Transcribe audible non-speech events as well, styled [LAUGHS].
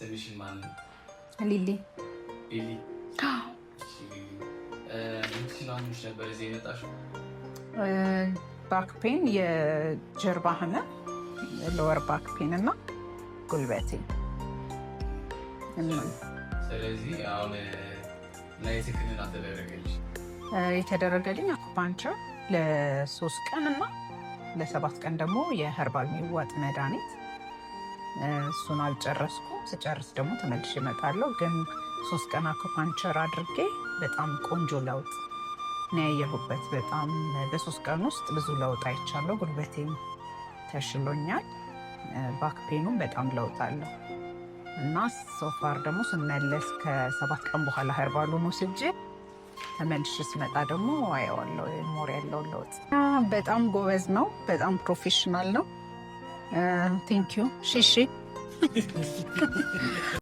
ስምሽን ማን ነው? ሊሊ ሊሊ። ስላምሽ ነበር እዚህ የመጣሽው? ባክ ፔን፣ የጀርባ ህመም፣ ሎወር ባክ ፔን እና ጉልበቴ። ስለዚህ አሁን ላይ eh, ህክምና ተደረገልሽ? Eh, የተደረገልኝ አኩፓንቸር ለሶስት ቀን እና ለሰባት ቀን ደግሞ የህርባል የሚዋጥ መድኃኒት እሱን አልጨረስኩ። ስጨርስ ደግሞ ተመልሼ እመጣለሁ። ግን ሶስት ቀን አኩፓንቸር አድርጌ በጣም ቆንጆ ለውጥ ነው ያየሁበት። በጣም በሶስት ቀን ውስጥ ብዙ ለውጥ አይቻለሁ። ጉልበቴም ተሽሎኛል። ባክፔኑም በጣም ለውጥ አለው እና ሶፋር ደግሞ ስመለስ ከሰባት ቀን በኋላ ሄርባሉን ወስጄ ተመልሼ ስመጣ ደግሞ አየዋለሁ ሞር ያለውን ለውጥ። በጣም ጎበዝ ነው። በጣም ፕሮፌሽናል ነው። Eh, thank you. Shishi. [LAUGHS]